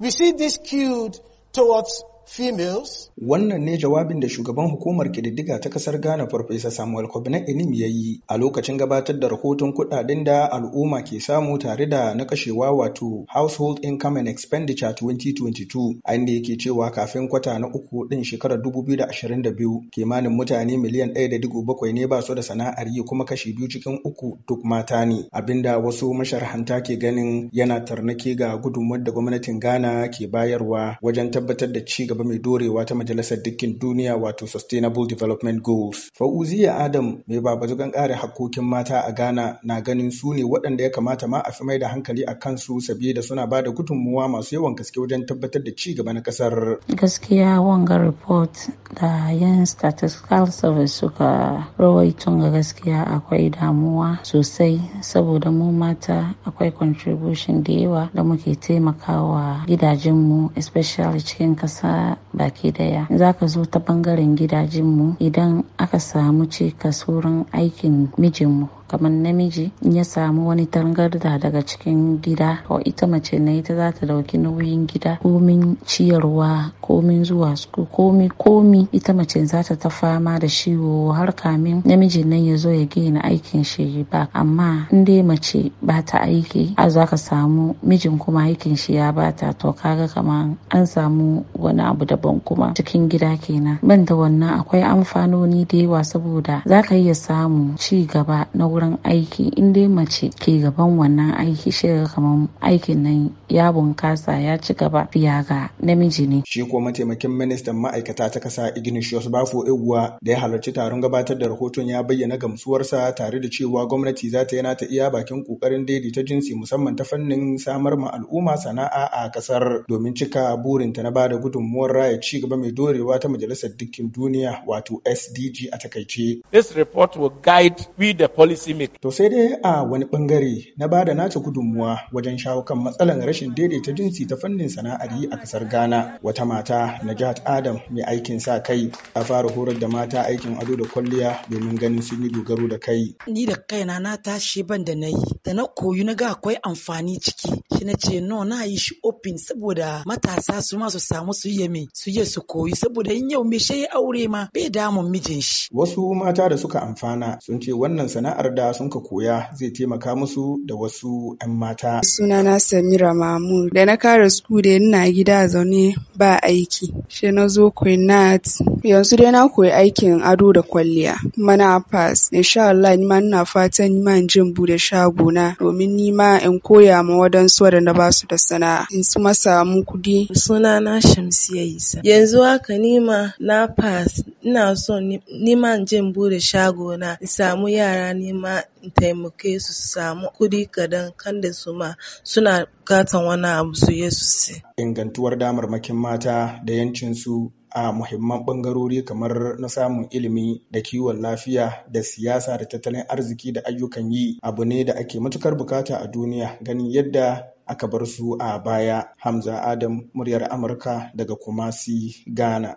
We see this cued towards females. Wannan ne jawabin da shugaban hukumar kididdiga ta kasar Ghana Farfesa Samuel Kobina Enim ya yi a lokacin gabatar da rahoton kuɗaɗen da al'umma ke samu tare da na kashewa wato Household Income and Expenditure 2022 a inda yake cewa kafin kwata na uku din shekarar 2022 kimanin mutane miliyan 1.7 ne ba su da sana'ar yi kuma kashi biyu cikin uku duk mata ne abinda wasu masharhanta ke ganin yana tarnake ga gudunmuwar da gwamnatin Ghana ke bayarwa wajen tabbatar da ci gaba gaba mai dorewa ta majalisar dukkin duniya wato sustainable development goals fauziya adam mai zugan kare hakkokin mata a ghana na ganin su ne waɗanda ya kamata ma a fi mai da hankali a kansu saboda suna ba da gudunmuwa masu yawan gaske wajen tabbatar da ci gaba na kasar gaskiya wanga report da yan statistical service suka rawaito ga gaskiya akwai damuwa sosai saboda mu mata akwai contribution da yawa da muke taimakawa gidajenmu especially cikin ƙasa. baki daya za ka zo ta bangaren gidajenmu idan aka samu ce wurin aikin mijinmu kamar namiji in ya samu wani tangarda daga cikin gida ko ita mace na ita za ta dauki nauyin gida komin ciyarwa komin zuwa su komi komi ita mace za ta ta fama da ciwo har kamin namiji nan ya zo ya gina aikin shi ba amma in dai mace ba ta aiki a za ka samu mijin kuma aikin shi ya ba ta. to kaga kamar an samu wani abu daban kuma cikin gida kenan ban da wannan akwai amfanoni da yawa saboda za ka iya samu ci gaba na wurin aiki in dai mace ke gaban wannan aiki shi kamar aikin nan ya bunkasa ya ci gaba fiya ga namiji ne. Shi ko mataimakin ministan ma'aikata ta kasa Ignatius Bafo Eguwa da ya halarci taron gabatar da rahoton ya bayyana gamsuwarsa tare da cewa gwamnati za ta yana ta iya bakin kokarin daidaita jinsi musamman ta fannin samar ma al'umma sana'a a kasar domin cika burinta na bada gudunmuwar raya ci gaba mai dorewa ta majalisar dukkin duniya wato SDG a takaice. This report will guide we the policy tsimic. To sai dai a wani bangare na ba da nata gudunmuwa wajen shawo kan matsalar rashin daidaita jinsi ta fannin sana'ar yi a kasar Ghana. Wata mata Najat Adam mai aikin sa kai a fara horar da mata aikin ado da kwalliya domin ganin sun yi dogaro da kai. Ni da kaina na tashi ban da na yi, da na koyi na ga akwai amfani ciki. Shi na ce no na yi shi open saboda matasa su ma su samu su yi me su yi su koyi saboda in yau me shi aure ma bai damun mijin shi. Wasu mata da suka amfana sun ce wannan sana'ar da sun ka koya zai taimaka musu da wasu 'yan mata. Sunana Samira Mahmud da na kare su da ina gida zaune ba aiki. Shi na zo Queenat. Yanzu dai na koyi aikin ado da kwalliya. Mana pass. Insha Allah ni ma ina fatan ni ma in jin bude shago na domin ni ma in koya ma wadansu waɗanda ba su da sana'a. In su ma samu kuɗi. Sunana Shamsiya Isa. Yanzu haka ni ma na pass ina so nima ma in buɗe shago na in samu yara nima in taimake su su samu kuɗi kaɗan kanda su ma suna katon wani abu su yi su si. Ingantuwar damarmakin mata da yancin su a muhimman bangarori kamar na samun ilimi da kiwon lafiya da siyasa da tattalin arziki da ayyukan yi abu ne da ake matukar bukata a duniya ganin yadda aka bar su a baya hamza adam muryar amurka daga kumasi ghana